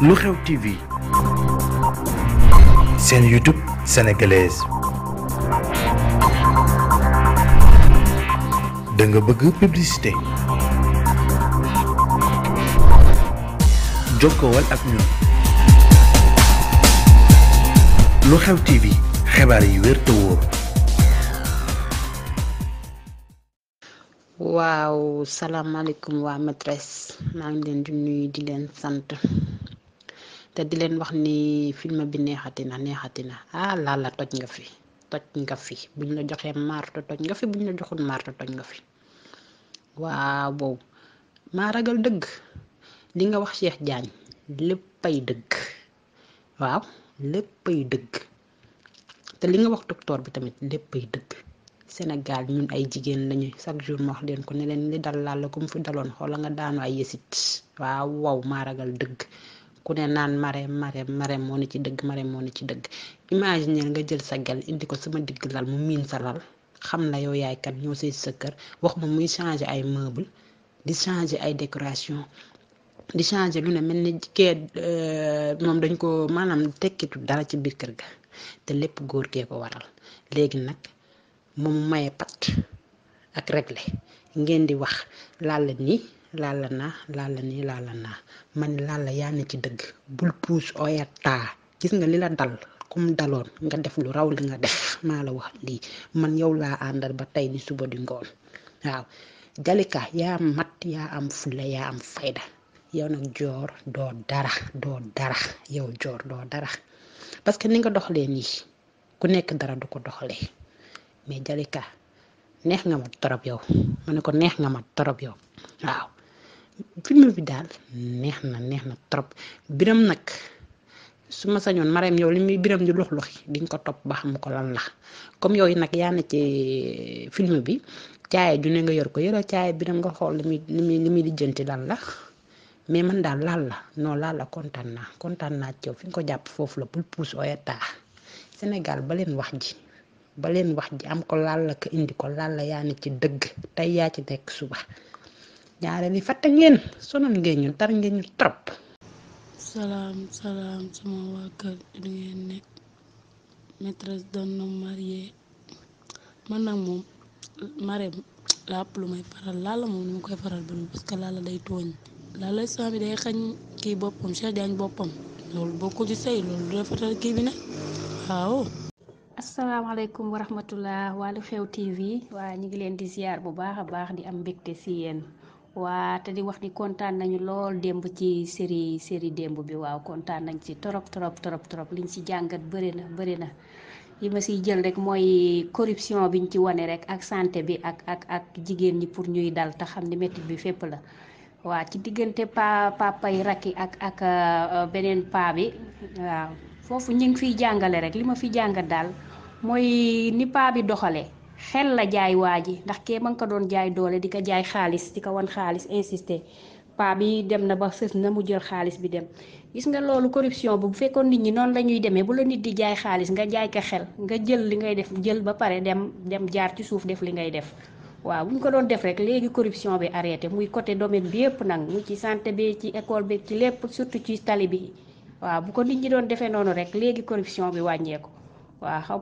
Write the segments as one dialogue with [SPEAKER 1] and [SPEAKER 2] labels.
[SPEAKER 1] lu xew TV
[SPEAKER 2] seen YouTube sénégalaise
[SPEAKER 1] da bëgg publicité jokkowal ak ñun lu xew TV xibaar yi wér te wóor.
[SPEAKER 3] waaw salaamaaleykum waa maîtresse maa ngi leen di di leen sant. te di leen wax ni film bi neexati na neexati na ah laala toj nga fi toj nga fi buñ la joxee marto toj nga fi la joxul marto toj nga fi waaw boobu maa ragal dëgg li nga wax Cheikh lépp léppay dëgg waaw lépp léppay dëgg te li nga wax docteur bi tamit léppay dëgg Sénégal ñun ay jigéen lañu chaque jour ma wax leen ko ne leen li dal laal la comme fi daloon xoola nga daanu ay yësit waaw waaw maa ragal dëgg ku ne naan Marème Marème Marème moo ne ci dëgg Marème moo ne ci dëgg imagine nga jël sa gel indi ko sama digg lal mu miin sa lal xam la yow yaay kan ñoo say sa kër wax ma muy changer ay meuble di changer ay décoration di changer lu ne mel ni kee euh, moom dañ ko maanaam tekkitu dara ci biir kër ga te lépp góor gee ko waral léegi nag moom maye pat ak réglé ngeen di wax lalla nii laala naa laala nii laala naa ma ne laala yaa ne ci dëgg bul puus oyataa gis nga li la dal comme daloon nga def lu raw li nga def maa la wax lii man yow laa àndal ba tey ni suba di ngoon waaw jalika yaa mat yaa am fulla yaa am fayda yow yow joor doo dara parce que ni nga doxalee nii ku nekk dara du ko doxalee mais neex nga ma torop yow ma ne ko neex nga ma torop yow film bi daal neex na neex na trop biram nag su ma sañoon mareem yow li muy biram di lux luxi di nga ko topp ba xam ko lan la comme yooyu nag yaa na ci film bi caaye ju ne nga yor ko yore caaye biram nga xool li muy li muy muy lijjanti lan la mais man daal laal la noo laal la kontaan naa kontaan naa ci yow fi nga ko jàpp foofu la bul puus oyata Sénégal ba leen wax ji ba leen wax ji am ko laal la ko indi ko laal la yaa ne ci dëgg tey yaa ci nekk suba ñaareel yi fàtte ngeen sonal ngeen ñu tar ngeen ñu trop.
[SPEAKER 4] salaam salaam sama waa kër di ngeen nekk maîtresse d'un homme marié nag moom mareem làpp lu may faral laala moom ni ma koy faral ba parce que laala day tooñ laala saa bi day xañ kii boppam Cheikh Diagne boppam loolu bokkul ci sëy loolu du rafetal kii bi
[SPEAKER 5] ne waaw. asalaamaaleykum wa rahmatullah waa Lu Xew TV waa ñu ngi leen di siyaar bu baax a baax di am mbégte si yéen. waa te di wax ni kontaan nañu lool démb ci série série démb bi waaw kontaan nañ ci torop torop torop li liñ ci jàngat bëri na bëri na li ma siy jël rek mooy corruption biñ ci wane rek ak santé bi ak ak ak jigéen ñi pour ñuy dal te xam ni métti bi fépp la waa ci diggante pa papay rakki ak ak euh, beneen pa bi waaw foofu ñu ngi fiy jàngale rek li ma fiy jàngat daal mooy ni pa bi doxalee. xel la jaay waa ji ndax kee ma nga ko doon jaay doole di ko jaay xaalis di ka wan xaalis insister pa bi dem na ba sës na mu jël xaalis bi dem gis nga loolu corruption bu fekkoon nit ñi noonu la ñuy demee bu la nit di jaay xaalis nga jaay ko xel nga jël li ngay def jël ba pare dem dem jaar ci suuf def li ngay def waaw bu ñu ko doon def rek léegi corruption bi arrêté muy côté domaine bi yépp nag mu ci santé bi ci école bi ci lépp surtout ci tali bi waaw bu ko nit doon defee noonu rek léegi corruption bi wàññeeku waaw xaw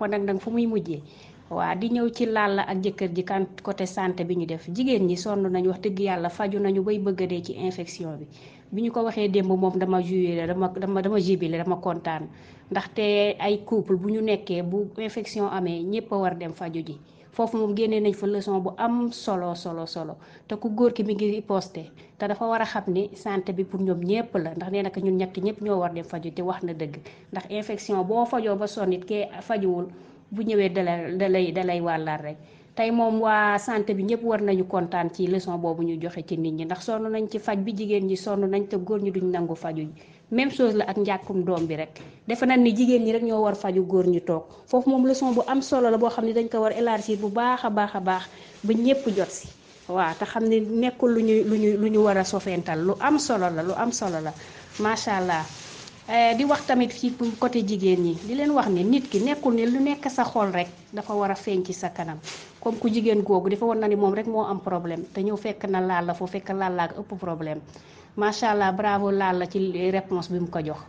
[SPEAKER 5] waa di ñëw ci Lalla ak jëkkër ji kan côté santé bi ñu def jigéen ñi sonn nañu wax dëgg yàlla faju nañu bay bëgg dee ci infection bi bi ñu ko waxee démb moom dama jubile dama dama dama jubile dama kontaan ndaxte ay couple bu ñu nekkee bu infection amee ñëpp a war dem faju ji foofu moom génnee nañ fa leçon bu am solo solo solo te ku góor ki mi ngi posté te dafa war a xam ni santé bi pour ñoom ñëpp la ndax nee na ñun ñett ñëpp ñoo war dem faju te wax na dëgg ndax infection boo fajoo ba sonn it kee fajuwul bu ñëwee dalay dalay dalay wàllaat rek tey moom waa santé bi ñëpp war nañu kontaan ci leçon boobu ñu joxe ci nit ñi ndax sonn nañ ci faj bi jigéen ñi sonn nañ te góor ñi duñu nangu faju même chose la ak njàkkum doom bi rek defe nañ ni jigéen ñi rek ñoo war faju góor ñu toog foofu moom leçon bu am solo la boo xam ni dañ ko war élargir bu baax a baax a baax ba ñëpp jot si waaw te xam ne nekkul lu ñuy lu ñu lu ñu war a sofental lu am solo la lu am solo la macha allah. Eh, di wax tamit ci côté jigéen ñi di leen wax ne nit ki nekkul ne lu nekk sa xool rek dafa war a feeñ ci sa kanam comme ku jigéen googu dafa war na ni moom rek moo am problème te ñëw fekk na laal la foo fekk laal laa ko ëpp problème macha allah bravo laal la ci réponse bi mu ko jox.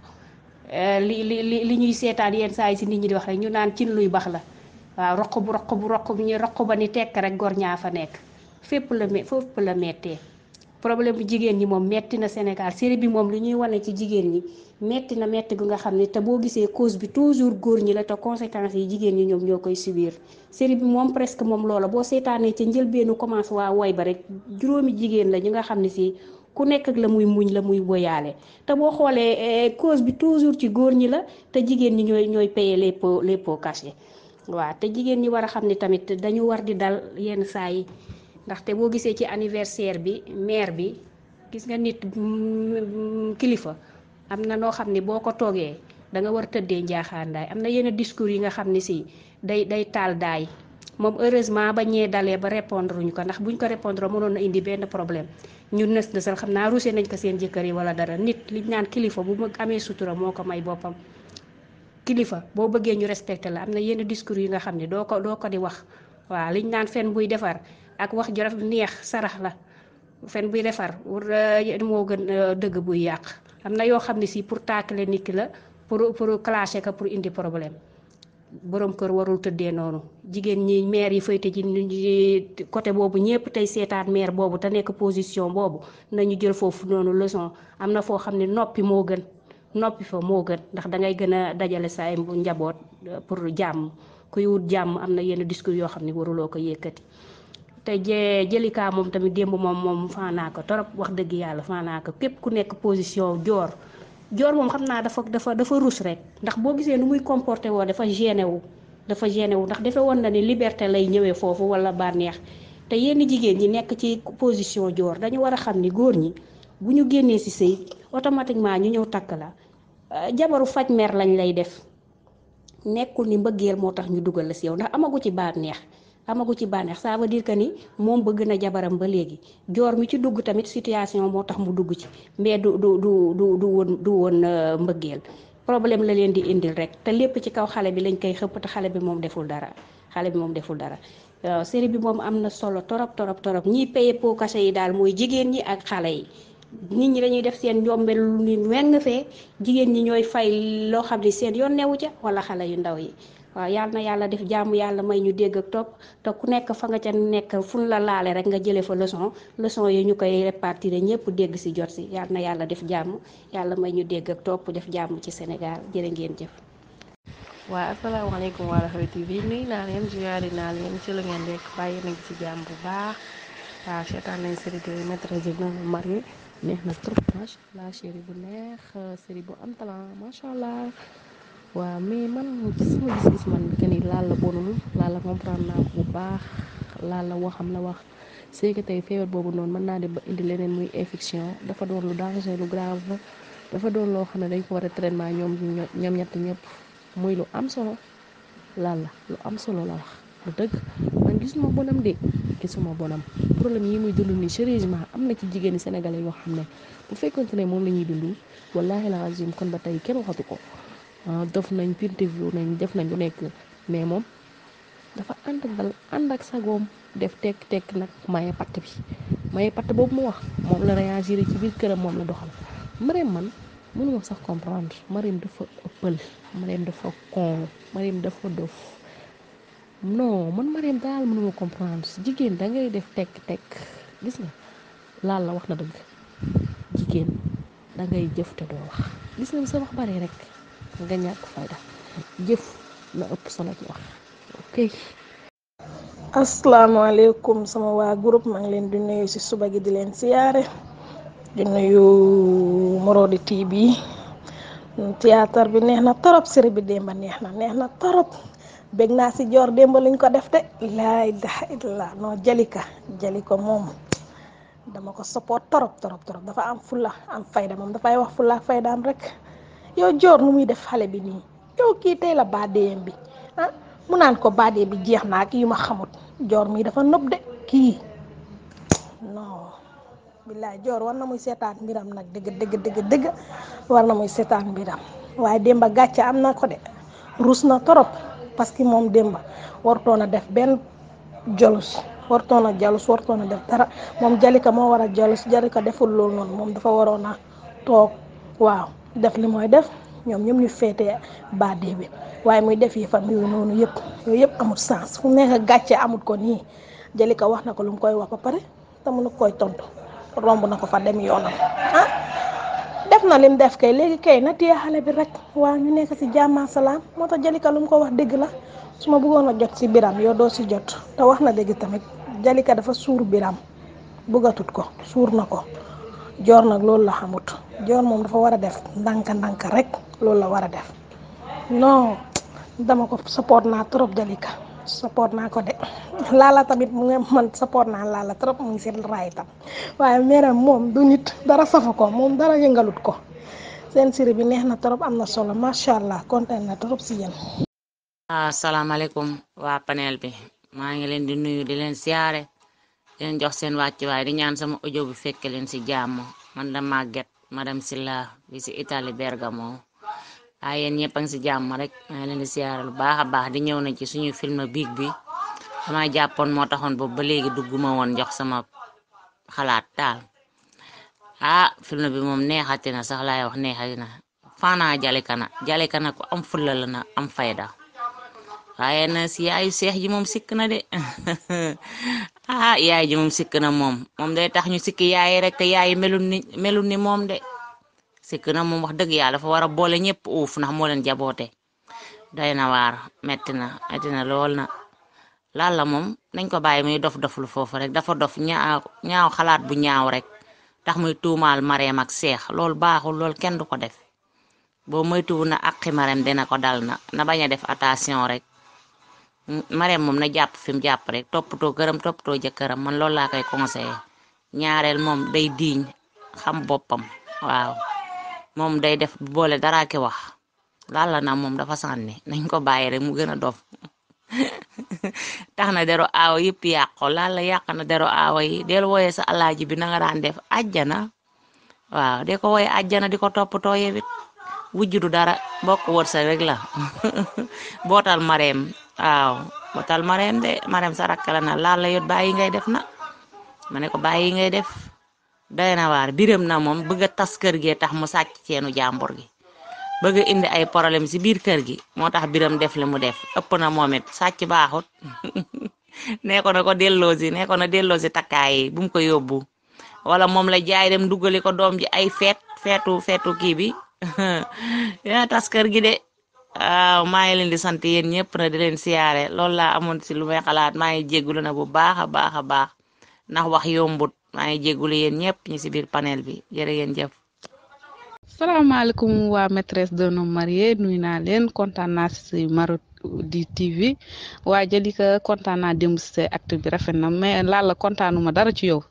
[SPEAKER 5] Eh, li li li ñuy seetaan yenn saa yi si nit ñi di wax rek ñu naan cin luy baax la waaw roq bu roq bu roq bu ñu roq ba ni tekk rek gor ñaa fa nekk fépp la me fépp la mettee. problème bu jigéen ñi moom metti na Sénégal série bi moom lu ñuy wane ci jigéen ñi metti na metti gu nga xam ne te boo gisee cause bi toujours góor ñi la te yi jigéen ñi ñoom ñoo koy subir série bi moom presque moom loola boo seetaanee ca njëlbeenu commence woy ba rek juróomi jigéen la ñu nga xam ne si ku nekk la muy muñ la muy woyaale te boo xoolee eh, cause bi toujours ci góor ñi la te jigéen ñi ñooy ñooy payer les pots les pots cachés waaw te jigéen ñi war a xam ne tamit dañu war di dal yenn saa yi ndaxte boo gisee ci anniversaire bi maire bi gis nga nit mm, mm, kilifa am na noo xam ne boo ko toogee danga nga war tëddee njaaxaandaay am na yenn discours yi nga xam ne si day day taal daay moom heureusement ba ñee dalee ba répondre ñu ko ndax buñ ko répondre mënoon na indi benn problème ñu nës nësal xam naa ruusee nañ ko seen jëkkër yi wala dara nit liñ naan kilifa bu ma amee sutura moo ko may boppam kilifa boo bëggee ñu respecté la am na yenn discours yi nga xam ne doo ko doo ko di wax waa liñ naan fen buy defar ak wax ju neex sarax la fen buy defar euh, moo gën euh, dëgg buy yàq am na yoo xam ne si pour taakale nit ki la pour pour clasher ka pour indi problème borom kër warul tëddee noonu jigéen ñi maire yi fay tëj ci côté boobu ñëpp tey seetaan mair boobu te nekk position boobu nañu jël foofu noonu leçon am na foo xam ne noppi moo gën noppi fa moo gën ndax dangay gën a dajale sa ay njaboot euh, pour jàmm kuy wut jàmm am na yenn discours yoo xam ni waruloo ko yëkkati. te jee jëlikaa moom tamit démb moom moom faanaa ko torop wax dëgg yàlla faanaa ko képp ku nekk position joor joor moom xam naa dafa dafa dafa rus rek ndax boo gisee nu muy comporté woo dafa gêné wu dafa gêné wu ndax defe woon na ni liberté lay ñëwee foofu wala bànneex te yenn jigéen ñi nekk ci position joor dañu war a xam ni góor ñi bu ñu génnee ci sëy automatiquement ñu ñëw takk la euh, jabaru faj mer lañ lay def nekkul ni mbëggeel moo tax ñu dugal la si yow ndax amagu ci bànneex amagu ci bànneex ça diir dire que ni moom bëgg na jabaram ba léegi joor mi ci dugg tamit situation moo tax mu dugg ci mais du du du du du woon du woon euh, mbëggeel problème la leen di indil rek te lépp ci kaw xale bi lañ koy xëpp xale bi moom deful dara xale bi moom deful dara waaw euh, série bi moom am na solo torop torop torop ñiy paye pot yi daal mooy jigéen ñi ak xale yi nit ñi dañuy def seen njombel lu ni weng fee jigéen ñi ñooy fay loo xam ni seen yoon newu ca wala xale yu ndaw yi waaw yal yàlla def jaamu yàlla may ñu dégg ak topp te ku nekk fa nga ca nekk fun la laale rek nga jëlee fa leçon leçon yi ñu koy répartir ñëpp dégg si jot si yal na yàlla def jàmm yàlla may ñu dégg ak topp def jaamu ci Sénégal jërë ngeen jëf.
[SPEAKER 6] waaw asalaamaaleykum wa rahmatulah bi nuyu naa leen ziyaare naa leen ci ngeen nekk bàyyi nañ ci jàmm bu baax waaw seetaan nañ série de maîtresse d'un homme marié neex na trop macha allah série bu neex bu waaw mais man sama gis-gis man que laal Lalla bonul la comprendre naa ko bu baax Lalla waxam la wax c'est que tey feebar boobu noonu mën naa dem ba indi leneen muy infection dafa doon lu danger lu grave dafa doon loo xam ne dañ ko war a traitement ñoom ñoom ñett ñëpp muy lu am solo Lalla lu am solo la wax lu dëgg man gisuma bonam de gisuma bonam problème yi muy dund nii sérieusement am na ci jigéeni sénégalais yoo xam ne bu fekkonte ne moom la ñuy dund wallaahi la azim kon ba tey kenn waxatu ko. Euh, def nañ interview nañ def nañ lu nekk mais moom dafa ànd ak dal ànd ak sagoom def tekk-tekk nag maye patt bi maye patt boobu mu wax moom la réagir ci biir këram moom la doxal Marème man mënu ma sax comprendre Marème dafa ëppal Marème dafa con Marème dafa dof non man Marème daal mënu ma comprendre jigéen da ngay def tekk tek gis nga laal la wax na dëgg jigéen da ngay jëf te doo wax gis nga sa wax bare rek. nga ñàkk fayda jëf na ëpp solo ci wax ok asalaamaaleykum
[SPEAKER 2] sama waa groupe maa ngi leen di nuyu ci suba gi di leen siyaare di nuyu Morodi TV théâtre bi neex na torop série bi démba neex na neex na torop bég naa ci joor démba luñ ko def de laa ilaha illallah non jalika jaliko moom dama ko support torop torop torop dafa am fulla am fayda moom dafay wax fulla ak faydaam rek yow joor nu muy def xale bi nii yow kii tey la baadeem bi ah mu naan ko baadee bi jeex naa kii yu ma xamut joor mi dafa nëb de kii non billaay joor war na muy seetaat mbiram nag dëgg na muy seetaan mbiram waaye Demba gàcce am na ko de rus na torop parce que moom Demba wartoon a def benn jolus wartoon a jalus wartoon a def dara moom Jalika moo war a jalus Jalika deful loolu noonu moom dafa waroon a toog. waaw def li mooy def ñoom ñoom ñu féetee baade bi waaye muy def yi fa yooyu noonu yëpp yooyu yëpp amul sens fu nekk gàcce amul ko nii Jalika wax na ko lu mu koy wax ba pare te mu koy tontu romb na ko fa dem yoonam ah, def na lim def kay léegi kay na téye xale bi rek waa ñu nekk si jàmm salaam moo tax Jalika lu mu ko wax dégg la su ma bëggoon jot si biram yow doo si jot te wax na dégg tamit ka dafa suur biram bëggatut ko suur na ko. joor nag loolu la xamut joor moom dafa war a def ndànk ndànk rek loolu la war a def non dama ko support naa trop Jalika support naa ko de laala tamit mu ngi man support naa laala trop mu ngi seen raay tam waaye meeram moom du nit dara safu ko moom dara yëngalut ko seen série bi neex na trop am na solo macha allah kontaan na trop si yéen.
[SPEAKER 7] asalaamaaleykum waa panel bi maa ngi leen di nuyu di leen siyaare. leen jox seen wàccuwaay di ñaan sama audio bi fekke leen ci jàmm man la Maguette madame Silla bi ci Italie Bergamo ay yéen ñëpp a ngi ci jàmm rek maa leen di siyaare lu baax a baax di ñëw na ci suñu film biig bi dama jàppoon moo taxoon boobu ba léegi dugguma woon jox sama xalaat daal ah film bi moom neexati na sax laay wax neexati na faanaa jalikana jalikana ku am fulla am fayda waaye na si yaayu seex ji moom sikk na de ah yaay ji moom sikk na moom moom day tax ñu sikk yaay rek te yaay melul ni melul ni moom de sikk na moom wax dëgg yàlla dafa war a boole ñëpp uuf nax moo leen jaboote doy na waar metti na metti na lool na laal la moom nañ ko bàyyi muy dof doflu foofu rek dafa dof ñaaw xalaat bu ñaaw rek tax muy tuumaal mareem ak seex loolu baaxul lool kenn du ko def boo moytuwul na aqi mareem na ko dal na na bañ a def attention rek Marème moom na jàpp fi mu jàpp rek toppatoo këram toppatoo jëkkëram man loolu laa koy conseillé ñaareel moom day diiñ xam boppam waaw moom day def boole dara ki wax laal la na moom dafa sànni nañ ko bàyyi rek mu gën a dof tax na dero aawa yëpp yàqo la yàq na dero aawa yi del wooyee sa alaaji bi na daan def àjjana waaw de ko wooyee àjjana di ko toppatoo yewit wujju du dara bokk wërsëg rek la bootal mareem waaw ba tal Marème de Marème sa rakk la na laal la yoot bàyyi ngay def na ma ne ko bàyyi ngay def doy biram na moom bëgg a tas kër gee tax mu sàcc ceenu jàmbur gi bëgg indi ay problème si biir kër gi moo tax biram def li mu def ëpp na moom it sàcc baaxut nee ko na ko delloosi nee ko na delloosi takkaay bu mu ko yóbbu wala moom la jaay dem duggali ko doom ji ay feet feetu feetu kii bi yaa tas kër gi de waaw ah, maa ngi leen di sant yéen ñëpp na di leen siyaare loolu laa amoon si lu may xalaat maa ngi jégalu na bu baax a baax a baax ndax wax yombut maa ngi jégalu yéen ñëpp ñi si biir panel bi jërë ngeen jëf.
[SPEAKER 4] salaamaaleykum waa maîtresse d'un homme marié nuyu naa leen kontaan naa si di TV waa Jalika kontaan naa démb si acte bi rafet na mais Lalla kontaanuma dara ci yow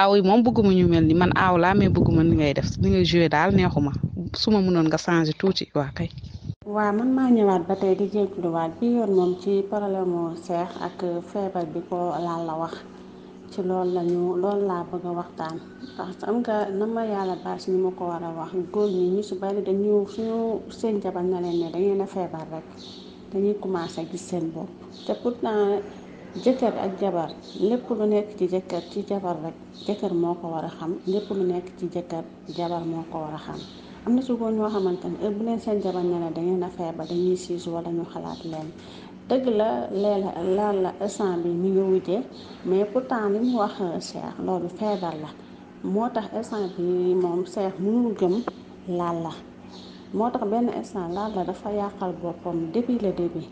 [SPEAKER 4] aaw yi moom bëgguma ñu mel ni man aaw laa mais bëgguma ni ngay def ni ngay joué daal neexuma su ma mënoon nga changé tuuti waa kay.
[SPEAKER 8] waa mën maa ñëwaat ba tey di jégaluwaat bi yoon moom ci problème mu seex ak feebar bi ko laal la wax ci lool lañu lool loolu laa bëgg a waxtaan parce que am nga na ma yàlla baas ñu ma ko war a wax góor ñi ñu su bari dañu suñu seen jabar na leen ne dañuy na feebar rek dañuy commencé gis seen bopp te pourtant jëkkër ak jabar lépp lu nekk ci jëkkër ci jabar rek jëkkër moo ko war a xam lépp lu nekk ci jëkkër jabar moo ko war a xam. am na ci góor ñoo xamante ne bu leen seen jabar ne la dangeen a feebar dañuy siis wala ñu xalaat leen dëgg la leela laal la instant bi mi ngi wujjee mais pourtant li mu wax seex euh, loolu feebar la moo tax instant bi moom seex mënul gëm laal la moo tax benn instant laal la dafa yàqal boppam depuis le début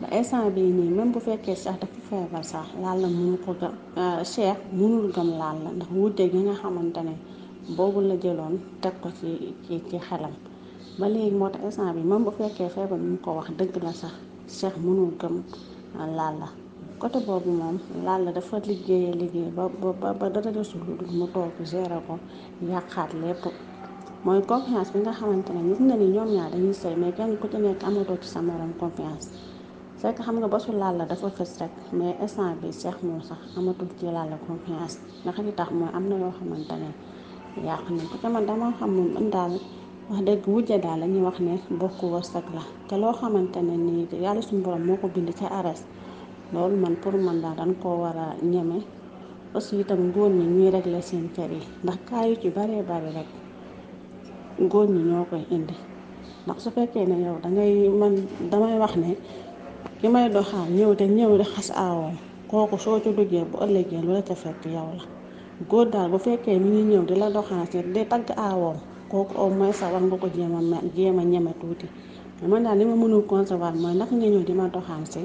[SPEAKER 8] bi bu fekkee sax dafa feebar sax laal la mënu ko gëm seex euh, mënul ndax wujje gi nga xamante ne boobu la jëloon teg ko ci ci ci xelam ba léegi moo tax instant bi même bu fekkee feebar bi mu ko wax dëgg la sax Cheikh mënul gëm ah, Lalla côté boobu moom Lalla dafa liggéeyee liggéey ba ba ba dara desul lu dul mu toog géré ko yàqaat lépp mooy confiance bi nga xamante ne gis na ni ñoom ñaar dañuy sëy mais kenn ku ci nekk amatoo ci sa morom confiance c'est que xam nga basu Lalla dafa fës rek mais instant bi Cheikh moom sax amatul ci Lalla confiance ndax li tax mooy am na yoo xamante ne yàq nañ ko te man dama xam moom ën daal wax dëgg wujja daal la ñuy wax ne bokku wërsëg la te loo xamante ne nii yàlla suñu borom moo ko bind ca ares loolu man pour man daal dañ koo war a ñeme aussi itam góor ñi ñuy régler seen kër yi ndax kaa yu ci baree bari rek góor ñi ñoo koy indi ndax su fekkee ne yow dangay man damay wax ne ki may doxaal ñëw te ñëw di xas aawoo kooku soo ci duggee bu ëllëgee lu la ca fekk yow la góor daal bu fekkee mi ngi ñëw di la doxaas nag day tagg aawoom kooku au moins sa war nga ko jéem a jéem a ñeme tuuti man daal li ma mënul concevoir mooy naka nga ñëw di ma doxaan si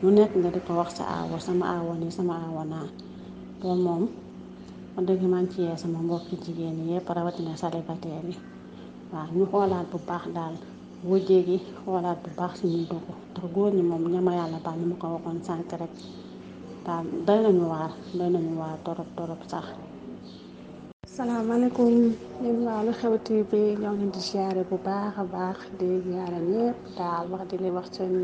[SPEAKER 8] lu nekk nga di ko wax sa aawo sama aawo nii sama aawo naa loolu moom ma dëgg man ci yee sama mbokki jigéen ñi yëpp rawatina célibataire yi waaw ñu xoolaat bu baax daal boo gi xoolaat bu baax suñu dugg ndax góor ñi moom ñama yàlla baal ni ma ko waxoon sànq rek daal doy nañu waar torop torop sax salaamaaleykum ñun waa Lu Xew TV ñoo di ziare bu baax a baax di ziare ñëpp daal wax di li wax seen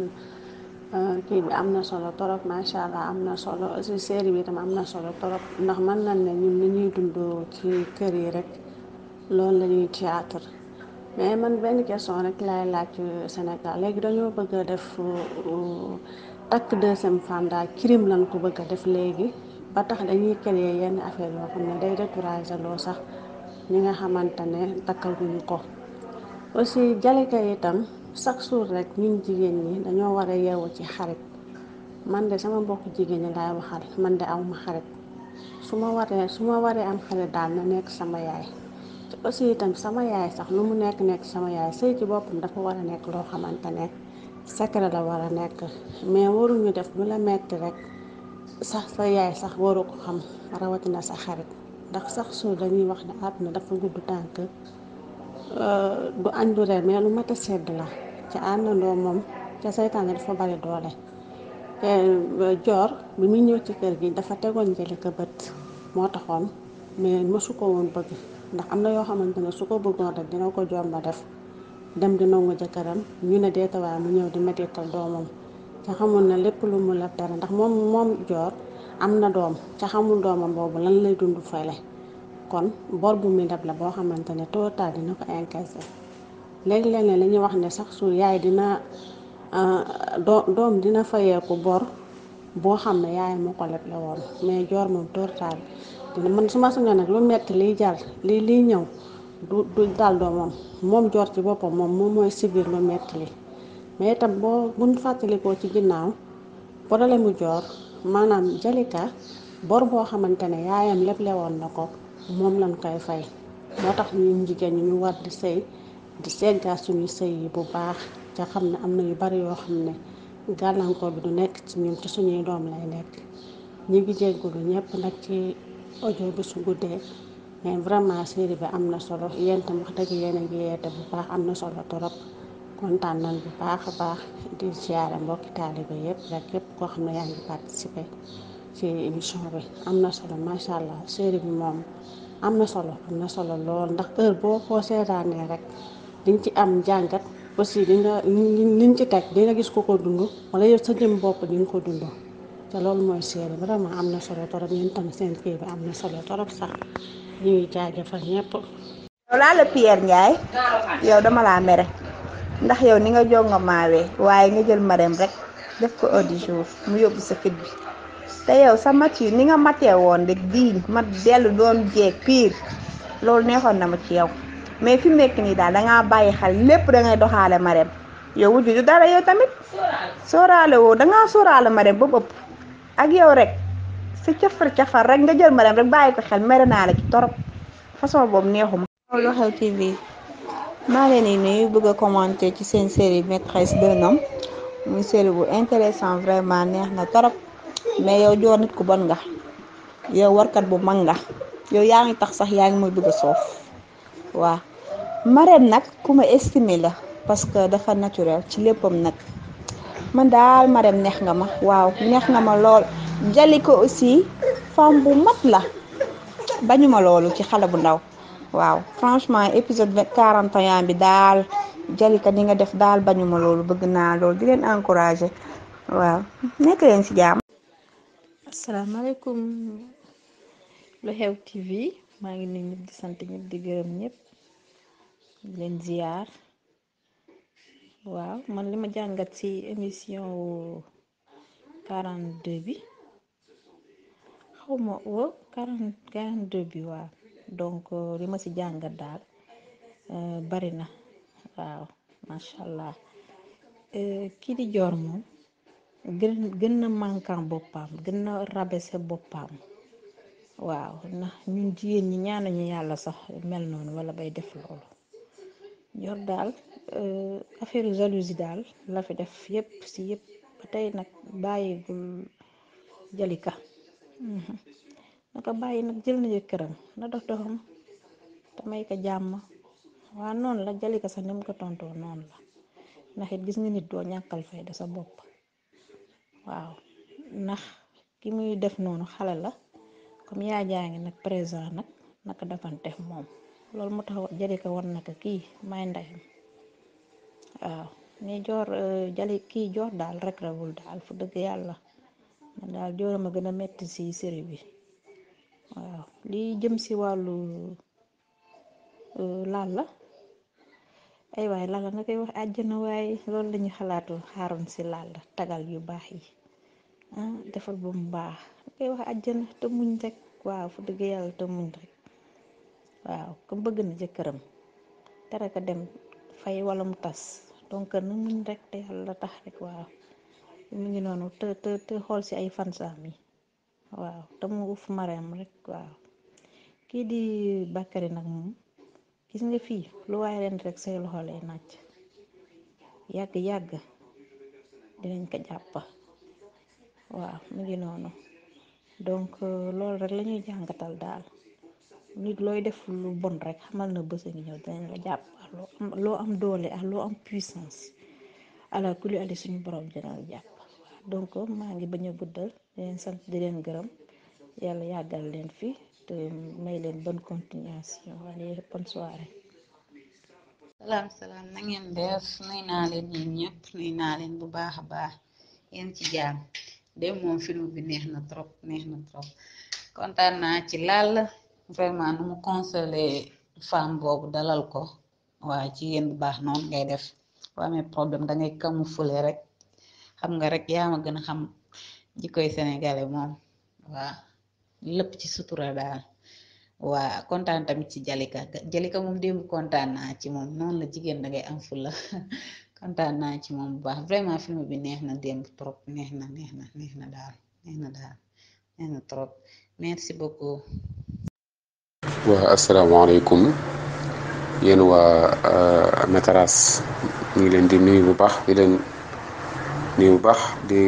[SPEAKER 8] euh, kii bi am na solo torop macha allah am na solo aussi série bi tam am na solo torop ndax man nañ ne ñun li ñuy dundoo ci kër yi rek loolu la ñuy théâtre mais man benn question rek laay laaj euh, Sénégal léegi dañoo bëgg a def. Euh, takk deuxième femme daal crime lañ ko bëgg a def léegi ba tax dañuy créer yenn affaire yoo xam ne day décourager loo sax ñi nga xamante ne takkaguñu ko aussi Jalika itam chaque jour rek ñu ngi jigéen ñi dañoo war a yeewu ci xarit man de sama mbokk jigéen ñi laay waxal man de aw ma xarit su ma waree su ma waree am xarit daal na nekk sama yaay te aussi itam sama yaay sax lu mu nekk nekk sama yaay sëy ci boppam dafa war a nekk loo xamante ne secret la war a nekk mais waruñu def lu la metti rek sax sa yaay sax waru ko xam rawatina sa xarit ndax sax suur dañuy wax ne àdduna dafa gudd tànk euh, du bu reer mais lu mat a sedd la ci àndandoo moom ca seytaane dafa bari doole te euh, joor bi muy ñëw ci kër gi dafa tegoon Njalika bët moo taxoon mais mësu ko woon bëgg ndax am na yoo xamante ne su ko bëggoon rek dina ko joom def dem di nangu jëkkëram ñu ne deeta waaye mu ñëw di mettital doomam ca xamul na lépp lu mu laf dara ndax moom moom joor am na doom ca xamul doomam boobu lan lay dund fale kon bor bu muy dab la boo xamante ne tôt tard dina ko encaissé léegi-léeg ne la ñuy wax ne sax suur yaay dina euh, doom dina fayeeku bor boo xam ne yaay moo ko leble woon mais joor moom tôt tard dina man su ma nag lu metti liy jar lii liy ñëw du du dal doomam moom joor ci boppam moom moom mooy subir lu metti li mais itam boo buñ fàttalikoo ci ginnaaw problème mu joor maanaam Jalika bor boo xamante ne yaayam lépp lewoon na ko moom lañ koy fay moo tax ñu jigéen ñu ñu war di sëy di segga suñu sëy yi bu baax ca xam ne am na yu bari yoo xam ne gàllankoor bi du nekk ci ñun ci suñuy doom lay nekk ñi ngi jéggulu ñëpp nag ci ojo bi su guddee mais vraiment série bi am na solo yéen tam wax dëgg yéen a ngi bu baax am na solo trop kontaan nañ bu baax a baax di ziare mbokki taalibe yëpp rek yëpp koo xam ne yaa ngi participé ci émission bi am na solo macha allah série bi moom am na solo am na solo lool ndax heure boo ko seetaanee rek diñ ci am jàngat aussi di nga liñ ci teg dina gis ko ko dund wala yow sa jëm bopp di nga ko dund te loolu mooy série vraiment am na solo torop yéen tam seen kii bi am na solo torop sax ñu ngi jaajëfal yow
[SPEAKER 9] laa la Pierre Ndiaye. yow dama laa mere. ndax yow ni nga jonga maawee waaye nga jël marem rek def ko un du mu yóbbu sa fit bi te yow sa mat ni nga matee woon de diiñ mat dellu doon jeeg piir loolu neexoon na ma ci yow mais fi mu nekk nii daal danga bàyyi xel lépp da ngay doxaale marem yow wujju du dara yow tamit sóoraale woo dangaa sóoraale marem ba ëpp ak yow rek. sa cafar cafar rek nga jël ma dem rek bàyyi ko xel mere naa la ci torop façon boobu neexuma Lu Xew TV maa ngi ne nuyu bëgg a commenter ci seen série maîtresse d'un homme muy série bu intéressant vraiment neex na torop mais yow joo nit ku bon nga yow warkat bu mag nga yow yaa ngi tax sax yaa ngi may bëgg soof waaw Marème nag ku ma estimé la parce que dafa naturel ci léppam nag man daal Marème neex nga ma waaw neex nga ma lool jali ko aussi femme bu mat la bañu ma loolu ci xale bu ndaw waaw franchement épisode 41 bi daal jalika ni nga def daal bañu ma loolu bëgg naa loolu di leen encourager waaw nekk leen ci jàmm
[SPEAKER 10] asalaamaaleykum lu xew TV maa ngi nuyu ñëpp di sant ñëpp di gërëm ñëpp di leen ziar waaw man li ma jàngat si émission wu 42 bi xaw ma wa 40 42 bi waaw donc euh, li ma ci jàngat daal euh, bari na waaw macha allah euh, kii di joor moom gën gën na manquant boppam gën na rabese boppam waaw ndax ñun jigéen ñi ñaanuñu yàlla sax mel noonu walla bay def loolu joor daal. Euh, affaire jalousie daal la fi def yëpp si yëpp ba tey nag bàyyigul jalika mhm. naka bàyyi nag jël na jëkkëram na dox doxam te may ko jàmm wa noon la jalika sax ni ko tontoo noonu la ndax gis nga nit doo ñàkkal de sa bopp waaw ndax ki muy def noonu xale la comme yaa jaa ngi nag présent nag naka defante moom loolu mu tax jalika war naka kii may ndeyam waaw mais joor eh, kii joor daal rek rawul daal fu dëgg yàlla man daal jooram a gën a metti ci série bi waaw li jëm si wàllu eh, laal la ay waay laal la wax àjjana waaye loolu lañu xalaatu xaaroon si laal la tagal yu baax yi ah, defal ba mu baax nga wax àjjana te muñ rek waaw fu dëgg yàlla te muñ rek waaw ku bëgg na jëkkëram tere ko dem fay wala mu tas donc na muñ rek te yàlla tax rek waaw mu ngi noonu te te xool ci ay fansaam yi waaw te mu uf mareem rek waaw kii di Bakary nag moom gis nga fi lu waaye leen rek say loxo lay naaj yàgg yàgg dinañ ko jàpp waaw mu ngi noonu donc loolu rek la jàngatal daal nit looy def lu bon rek xamal na bés ñëw dinañ la jàpp. loo am doole ak loo am puissance ala kulli suñu borom dina jàpp donc maa ngi bañ a guddal di leen sant di leen gërëm yala yàggal leen fi te may leen bonne continuation wala bonne soirée.
[SPEAKER 3] salaam salaam na ngeen def nuy naa leen yéen ñëpp nuy naa leen bu baax a baax yéen ci jaam dem moom film bi neex na trop neex na trop kontaan naa ci lal vraiment nu mu consolé femme boobu dalal ko. waaw jigéen bu baax noonu ngay def boo amee problème kam fule rek xam nga rek yaa ma gën a xam jikkoy sénégalais moom waaw lépp ci sutura daal waa kontaan tamit ci Jalika Jalika moom démb kontaan naa ci moom noonu la jigéen dangay am fula kontaan naa ci moom bu baax vraiment film bi neex na démb trop neex na neex na neex na daal neex na daal neex trop merci beaucoup.
[SPEAKER 1] waa asalaamaaleykum. yéen waa euh, Mataraas ñu ngi leen di nuyu bu baax di leen nii bu baax di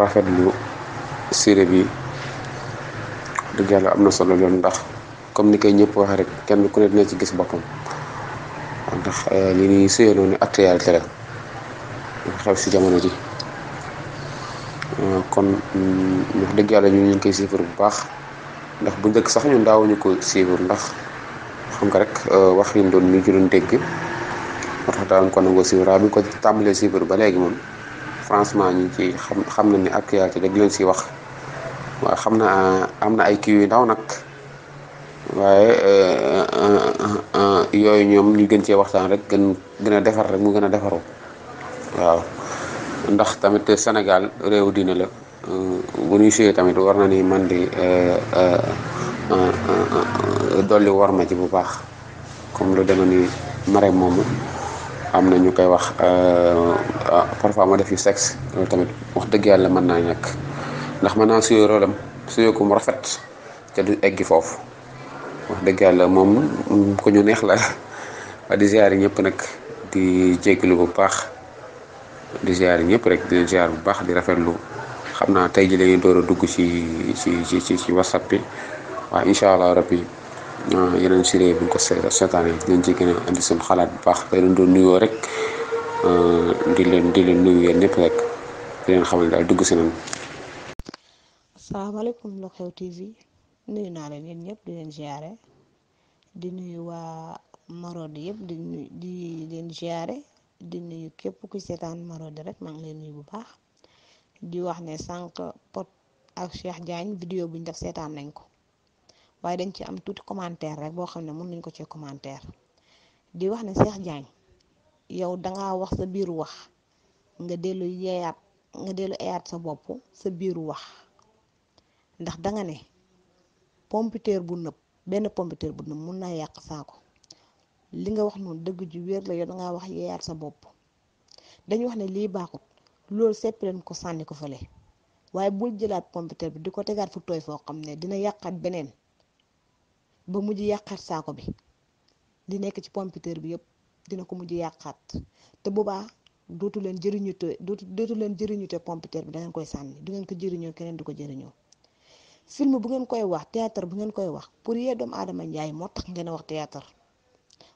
[SPEAKER 1] rafetlu série bi dëgg yàlla am na solo loolu ndax comme ni koy ñëpp waxee rek kenn ku ne dina ci gis boppam ndax euh, li ñuy suyee noonu actualité la xew si jamono ji euh, kon mm, wax dëgg yàlla ñu ngi koy suivre bu baax ndax bu njëkk sax ñun daawuñu ko suivre ndax. xam rek euh, wax yi mu doon ñu ci doon dégg moo tax daan ko nangoo suivre waaye bi ko tàmbalee suivre ba léegi moom ñu ñi ci xam xam nañ ne actualité rek leen si wax waaye xam na am na ay kii yu ndaw nag waaye euh, euh, yooyu ñoom ñu gën cee waxtaan rek gën gën a defar rek mu gën a defaru waaw ndax tamit Sénégal réew dina la bu ñuy suyee tamit war na ni man di dolli worma ji bu baax comme lu dema ni mare moomu am na ñu koy wax euh, ah, parfois ma def yu sexe loolu tamit wax dëgg yàlla mën naa ñàkk ndax mën naa suyoo rôlam suyoo ko mu rafet te du eggi foofu wax dëgg yàlla moom ku ñu neex la waa di ziar ñëpp nag di jégalu bu baax di ziar ñëpp rek di leen bu baax di rafetlu xam naa tey ji la ñuy door a dugg ci ci ci ci whatsapp bi. waaw incha allah rabbi yeneen série bu ñu ko seetaanee dinañ ci gën a indi suñu xalaat bu baax di leen dugg si nañ.
[SPEAKER 10] asalaamaaleykum Lu Xew
[SPEAKER 11] naa leen yéen ñëpp di leen ziare di nuyu waa Marodi yëpp di di leen di nuyu képp ku seetaan Marodi rek maa ngi leen nuyu bu baax di wax ne sànq pot Cheikh Diagne vidéo bu ñu def seetaan nañ ko. waaye dañ ci am tuuti commentaire rek boo xam ne mën nañ ko ci commentaire di wax ne Cheikh Diagne yow danga wax sa biiru wax nga dellu yeeyaat nga dellu eeyaat sa bopp sa biiru wax ndax danga ne pompiteer bu nëb benn pompiteer bu nëb mun naa yàq saako li nga wax noonu dëgg ju wér la yow dangaa wax yeeyaat sa bopp dañu wax ne lii baaxut loolu seppi leen ko sànni ko fële waaye bul jëlaat pompiteer bi di ko tegaat fu tooy foo xam ne dina yàqaat beneen ba mujj yàqaat saako bi li nekk ci pompiteer bi yëpp dina ko mujj yàqaat te boobaa dootu leen jëriñu te dootu leen jëriñu te pompiteer bi da koy sànni du ngeen ko jëriñoo keneen du ko jëriñoo film bu ngeen koy wax théâtre bu ngeen koy wax pour yee doomu aadama njaay moo tax ngeen wax théâtre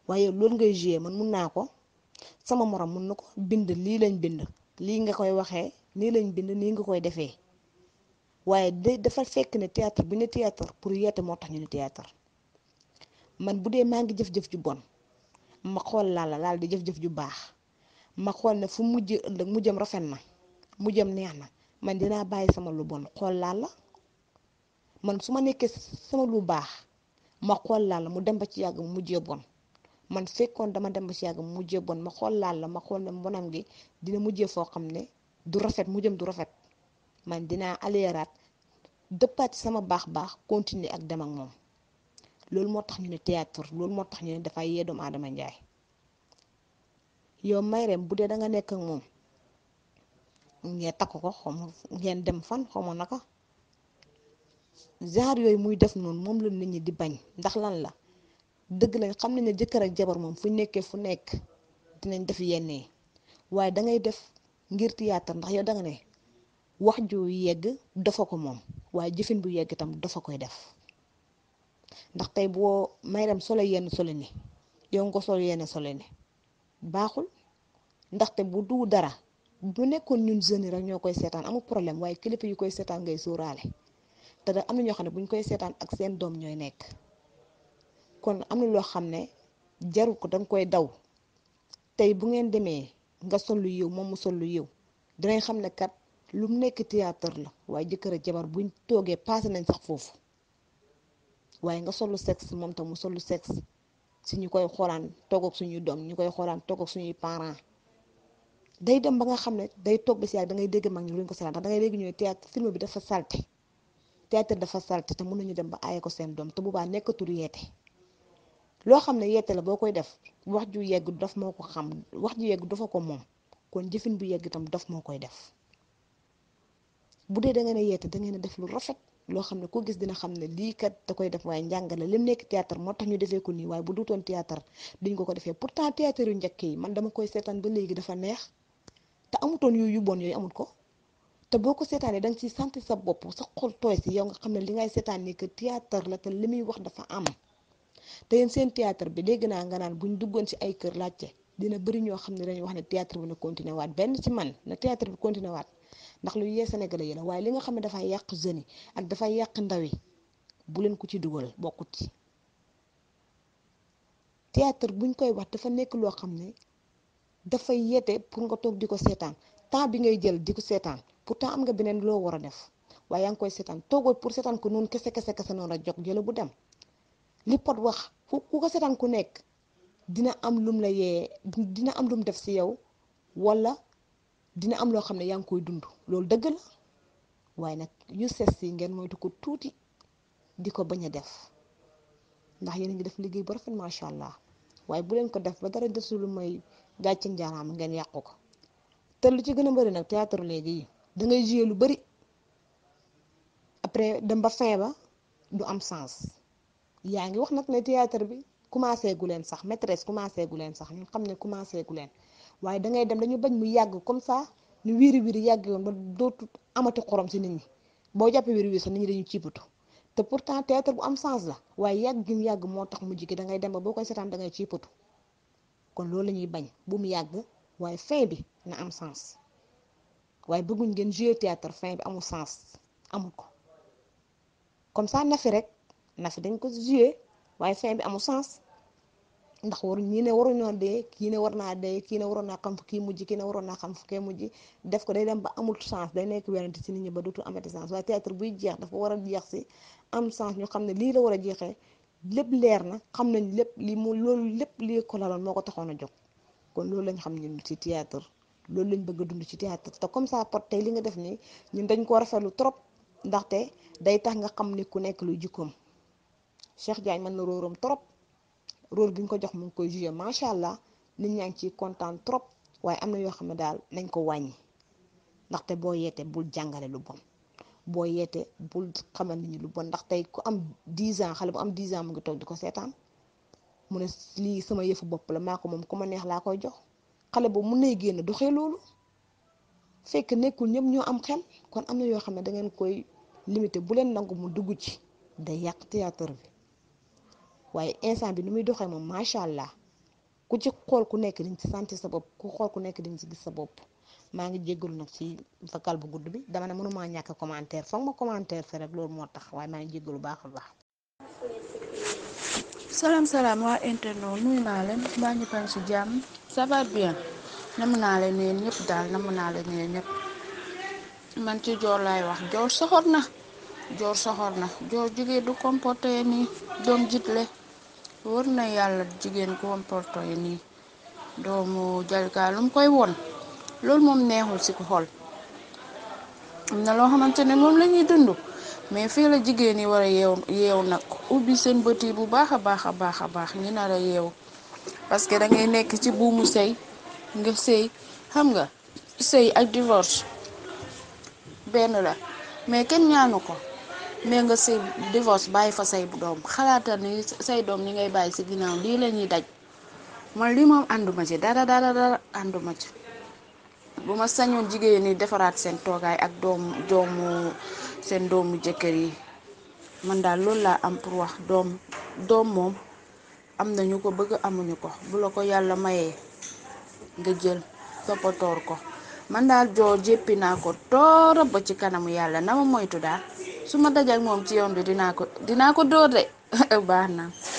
[SPEAKER 11] waaye loolu ngay joué man mun naa ko sama morom mun na ko bind lii lañ bind lii nga koy waxee nii lañ bind nii nga koy defee waaye dafa fekk ne théâtre bu ne théâtre pour yeete moo tax ñu ne man bu dee maa ngi jëf-jëf ju bon ma xool laala laal di jëf-jëf ju baax ma xool ne fu mujj ëllëg mu jëm rafet na mu jëm neex na man dinaa bàyyi sama lu bon xool laala man su ma nekkee sama lu baax ma xool laala mu dem ba ci yàgg mu mujjee bon man fekkoon dama dem ba ci yàgg mu mujjee bon ma xool laal la ma xool ne mbonam gi dina mujjee foo xam ne du rafet mu jëm du rafet man dinaa aleeraat dëppaat sama baax baax continuer ak dem ak moom loolu moo tax ñu ne théâtre loolu moo tax ñu ne dafay yee doomu aadama njaay yow Mayrem bu dee danga nga moom ngeen ko xaw ma ngeen dem fan xaw ma naka genre yooyu muy def noonu moom la nit ñi di bañ ndax lan la dëgg lañ xam nañ ne jëkkër ak jabar moom fu nekkee fu nekk dinañ def yenn waaye dangay ngay def ngir théâtre ndax yow da ne wax ju yegg dafa ko moom waaye jëfin bu yegg itam dafa koy def. ndax tey boo Marième solo yenn solo ni yow nga solo yenn solo ni baaxul ndaxte bu du dara bu nekkoon ñun jeunes rek ñoo koy seetaan amul problème waaye kilifa yu koy seetaan ngay sóoraale te da am na ñoo xam ne bu ñu koy seetaan ak seen doom ñooy nekk kon am na loo xam ne jaru ko danga koy daw tey bu ngeen demee nga sol lu yiw moom mu sol lu yiw dinañ xam ne kat lu mu nekk théâtre la waaye jëkkër a jabar buñ toogee passé nañ sax foofu waaye nga solu sexe moom tam mu solu sexe si ñu koy xoraan toog suñuy doom ñu koy xoraan toog suñuy parents day dem ba nga xam ne day toog ba si yàgg da ngay dégg mag ñi ko seetaan ndax da ñooy théâtre film bi dafa salte théâtre dafa salte te mën nañu dem ba aaye ko seen doom te bu baa nekkatul yeete loo xam ne yeete la boo koy def wax ju yegg daf moo ko xam wax ju yegg dafa ko moom kon jëfin bu yegg itam daf moo koy def bu dee da ngeen a yeete da ngeen def lu rafet loo xam ne ko gis dina xam ne lii kat da koy def waaye njàngale lim nekk théâtre moo tax ñu defee ko nii waaye bu duutoon théâtre duñ ko ko defee pourtant théâtre yu njëkk yi man dama koy seetaan ba léegi dafa neex te amutoon yu yu yooyu amut ko te boo ko seetaanee da nga ciy sant sa bopp sa xol tooy si yow nga xam ne li ngay seetaan ni que théâtre la te li muy wax dafa am te yéen seen théâtre bi dégg naa nga naan buñ duggoon ci ay kër laajte dina bëri ñoo xam ne dañuy wax ne théâtre bi na continué waat benn ci man na théâtre bi continué ndax lu yee sénégalais yi la waaye li nga xam ne dafay yàq jeunes yi ak dafay yàq ndaw yi bu leen ko ci dugal bokkut ci théâtre buñ koy wax dafa nekk loo xam ne dafay yeete pour nga toog di ko seetaan temps bi ngay jël di ko seetaan pourtant am nga beneen loo war a def waaye yaa ngi koy seetaan toogoon pour seetaan ko noonu kese kese kese noonu a jog jëla bu dem li pot wax ku ko seetaan ku nekk dina am lum la yee dina am lum def si yow wala dina am loo xam ne yaa ngi koy dund loolu dëgg la waaye nag yu ses yi ngeen moytu ko tuuti di ko bañ a def ndax yéen a ngi def liggéey bu rafet macha allah waaye bu leen ko def ba dara desul lu may gàcce njaaraam ngeen yàqu ko te lu ci gën a bëri nag théâtre léegi yi da ngay joué lu bëri après dem ba fin ba du am sens yaa ngi wax nag ne théâtre bi commencé gu leen sax maîtresse commencé gu leen sax ñu xam ne commencé gu leen. waaye da ngay dem dañu bañ mu yàgg comme ça ñu wiiri wiiri yàgg yoon ba dootu amati xorom si nit ñi boo jàppee wiiri wiiri sax nit ñi dañu ciibatu te pourtant théâtre bu am sens la waaye yàgg gi yàgg moo tax mu gi dangay dem ba boo koy seetaan da ngay ciibatu kon loolu lañuy bañ bu mu yàgg waaye fin bi na am sens waaye bëgguñ ngeen jouer théâtre fin bi amul sens amul ko comme ça nafi rek nafi dañ ko jouer waaye fin bi amu sens ndax waruñ ñii ne waruñoo dee kii ne war naa dee kii ne waroon naa xam fu kii mujj kii ne waroon naa xam fu kee mujj def ko day dem ba amul chance day nekk werante ci nit ñi ba dootul amati chance waaye théâtre buy jeex dafa war a jeex si am chance ñu xam ne lii la war a jeexee lépp leer na xam nañ lépp lii mu loolu lépp lii ko laloon moo ko taxoon a jóg kon loolu lañ xam ñun ci théâtre loolu lañ bëgg a dund ci théâtre te comme sa Pod tey li nga def nii ñun dañ ko rafetlu trop ndaxte day tax nga xam ni ku nekk luy jikkoom Cheikh Diagne mën na róoram trop rôle bi ñu ko jox mu ngi koy joué macha allah nit ñaa ngi ciy kontaan trop waaye am na yoo xam ne daal nañ ko wàññi ndaxte boo yeete bul jàngale lu bon boo yeete bul xamal nit ñi lu bon ndax tey ku am 10 ans xale bu am 10 ans mu ngi toog di ko seetaan mu ne lii sama yëfu bopp la maa ko moom ku ma neex laa koy jox xale boobu mun nay génn doxee loolu fekk nekkul ñëpp ñoo am xel kon am na yoo xam ne da ngeen koy limité bu leen nangu mu dugg ci day yàq théâtre bi. waaye instant bi ni muy doxee moom macha allah ku ci xool ku nekk di nga ci sentir sa bopp ku xool ku nekk di nga ci gis sa bopp maa ngi jéggalu nag ci vocal bu gudd bi dama ne mënumaa ñàkk commentaire foog ma commentaire fi rek moo tax waaye maa ngi jéggalu
[SPEAKER 4] baax a baax. salaam salaam waa internet nuyu naa leen mbaa ñu pan si jàmm ça va bien nam naa leen yéen ñëpp daal nam naa leen ñëpp man ci joor laay wax joor soxor na joor soxor na joor jigéen du comporté ni wër na yàlla jigéen comporto yi nii doomu jalgaa lu koy won loolu moom neexul ci xool xol na loo xamante ne moom lañuy ñuy mais fii la jigéen yi war a yeew yeew nag ubbi seen bët bu baax a baax a baax a baax ñu nar a yeew parce que da ngay nekk ci buumu sëy nga sëy xam nga sëy ak divorce benn la mais kenn ñaanu ko mais nga si divorce bàyyi fa say doom xalaatal ni say doom ni ngay bàyyi si ginnaaw lii leen ñuy daj man lii moom ànduma ci dara dara dara ànduma ci bu ma sañoon jigéen ñi defaraat seen toogaay ak doomu doomu seen doomu jëkkër yi man daal loolu laa am pour wax doom doom moom am nañu ko bëgg amuñu ko bu la ko yàlla mayee nga jël toppatoor ko man daal joo jéppi naa ko toora ba ci kanamu yàlla na ma moytu daal su ma dajak moom ci yoon bi dinaa ko dinaa ko dóor de baax